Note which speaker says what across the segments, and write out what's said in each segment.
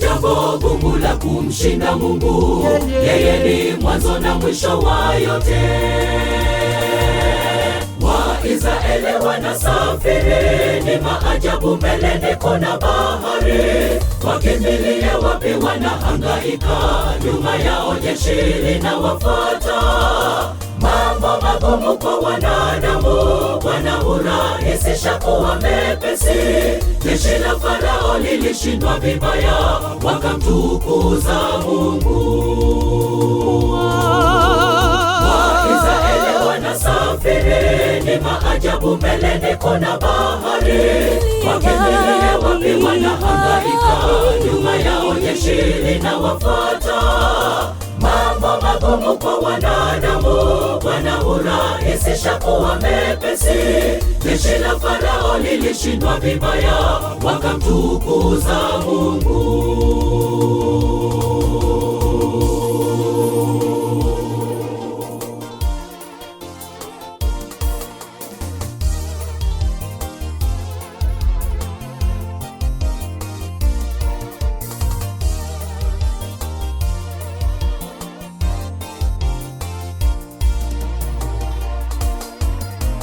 Speaker 1: jambo gumu la kumshinda Mungu, yeye ni mwanzo na mwisho wa yote. Waisraeli wanasafiri, ni maajabu mbele, niko na bahari. Wakimbilia wapi? Wanahangaika, nyuma yao jeshi linawafuata mambo magumu kwa wanadamu wanahurahisisha kuwa mepesi. Jeshi la Farao lilishindwa vibaya, wakamtukuza Mungu. Waisraeli wanasafiri, ni maajabu mbele, niko na bahari. Wakimbilie wapi? Wanahangaika, nyuma yao jeshi linawafuata mambo magumu kwa wanadamu wanahurahisisha kuwa mepesi. Jeshi la Farao lilishindwa vibaya, wakamtukuza Mungu.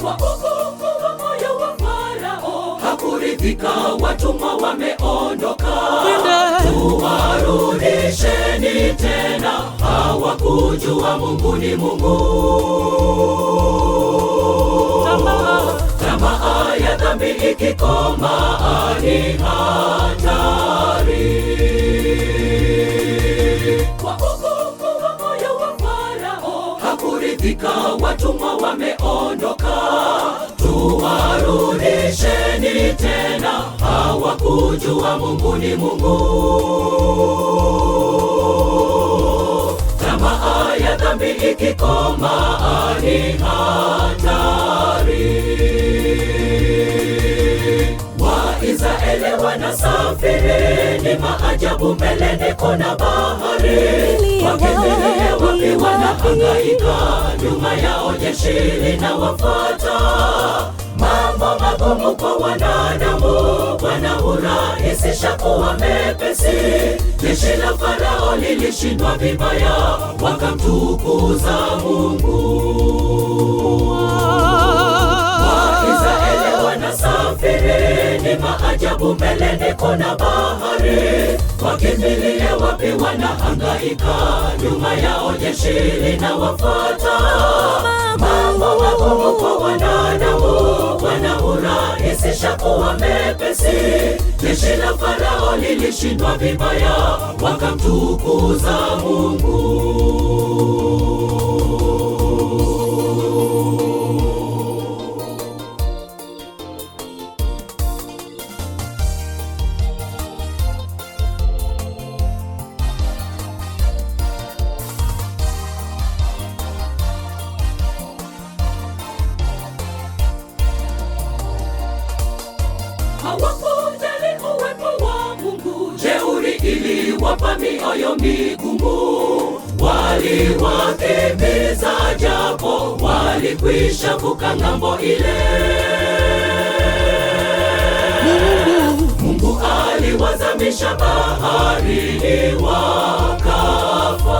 Speaker 2: wakogofu hakuridhika, watumwa wameondoka. Tuwarudisheni tena, hawakujua Mungu ni Mungu. Tamaa ya dhambi ikikoma, anina hakika watumwa wameondoka, tuwarudisheni tena. Hawakujua Mungu ni Mungu. Tamaa ya dhambi ikikoma, ni hatari wanasafiri ni maajabu, mbele niko na bahari, wakimbilia wapi? Wanahangaika, nyuma yao jeshi linawafuata. Mambo magumu kwa wanadamu wanaurahisisha kuwa mepesi. Jeshi la Farao lilishindwa vibaya, wakamtukuza Mungu. sababu mbele niko na bahari. Wakimbilie wapi? Wanahangaika, nyuma yao jeshi linawafata. Mambo magumu kwa wanadamu, wanahurahisisha kuwa mepesi. Jeshi la Farao lilishindwa vibaya, wakamtukuza Mungu.
Speaker 3: waliwapa mioyo migumu, waliwakimbiza japo walikwisha vuka ng'ambo ile. Mungu, aliwazamisha baharini wakafa.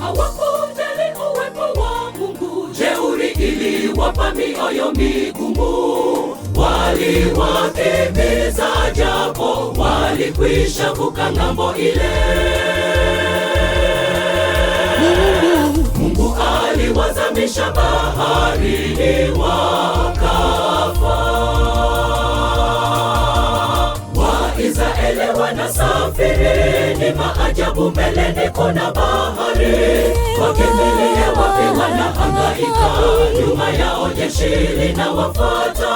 Speaker 3: Hawakujali uwepo wa Mungu, jeuri iliwapa mioyo migumu waliwakimbiza, japo walikwisha vuka ng'ambo ile. Mungu aliwazamisha baharini, wakafa Waisraeli wanasa safirini, maajabu mbele niko na bahari. Wakimbilie wapi? Wanahangaika, nyuma yao jeshi linawafata.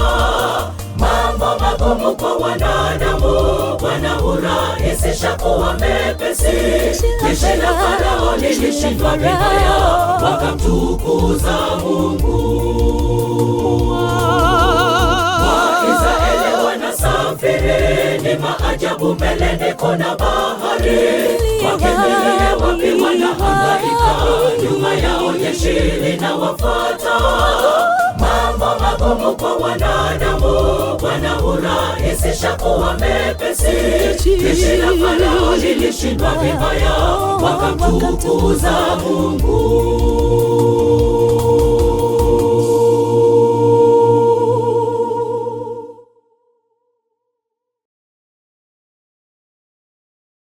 Speaker 3: Mambo magumu kwa wanadamu, wanahurahisisha kuwa mepesi. Jeshi la Farao lilishindwa vibaya, wakamtukuza Mungu. Waisraeli kusafiri ni maajabu, mbele niko na bahari, wakimbilia wapi wanahangaika, nyuma yao jeshi linawafata. Mambo magumu kwa wanadamu wanahurahisisha kuwa mepesi. Jeshi la Farao lilishindwa vibaya, wakamtukuza Mungu.